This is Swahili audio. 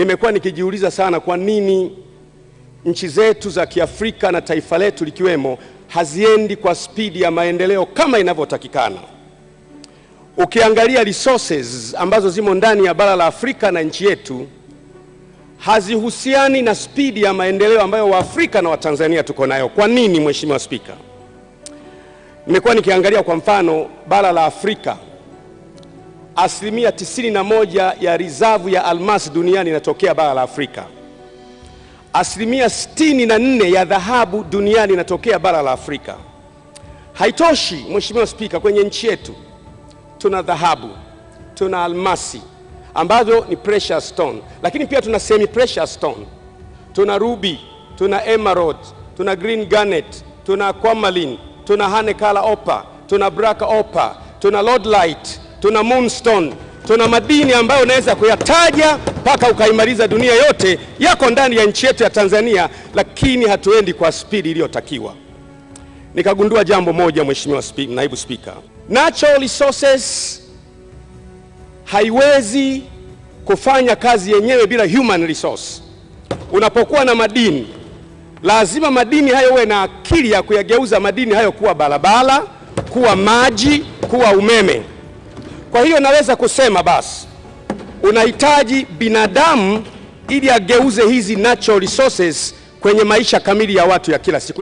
Nimekuwa nikijiuliza sana kwa nini nchi zetu za Kiafrika na taifa letu likiwemo haziendi kwa spidi ya maendeleo kama inavyotakikana. Ukiangalia resources ambazo zimo ndani ya bara la Afrika na nchi yetu hazihusiani na spidi ya maendeleo ambayo Waafrika na Watanzania tuko nayo. Kwa nini, Mheshimiwa Spika? Nimekuwa nikiangalia kwa mfano bara la Afrika asilimia 91 ya rizavu ya almasi duniani inatokea bara la Afrika. Asilimia 64 ya dhahabu duniani inatokea bara la Afrika. Haitoshi, Mheshimiwa Spika, kwenye nchi yetu tuna dhahabu, tuna almasi ambazo ni precious stone, lakini pia tuna semi precious stone, tuna ruby, tuna emerald, tuna green garnet, tuna aquamarine, tuna hane kala opa, tuna braka opa, tuna lodlite tuna Moonstone, tuna madini ambayo unaweza kuyataja mpaka ukaimaliza dunia yote, yako ndani ya nchi yetu ya Tanzania, lakini hatuendi kwa spidi iliyotakiwa. Nikagundua jambo moja, Mheshimiwa Naibu Spika, natural resources haiwezi kufanya kazi yenyewe bila human resource. Unapokuwa na madini, lazima madini hayo uwe na akili ya kuyageuza madini hayo kuwa barabara, kuwa maji, kuwa umeme. Kwa hiyo naweza kusema basi unahitaji binadamu ili ageuze hizi natural resources kwenye maisha kamili ya watu ya kila siku.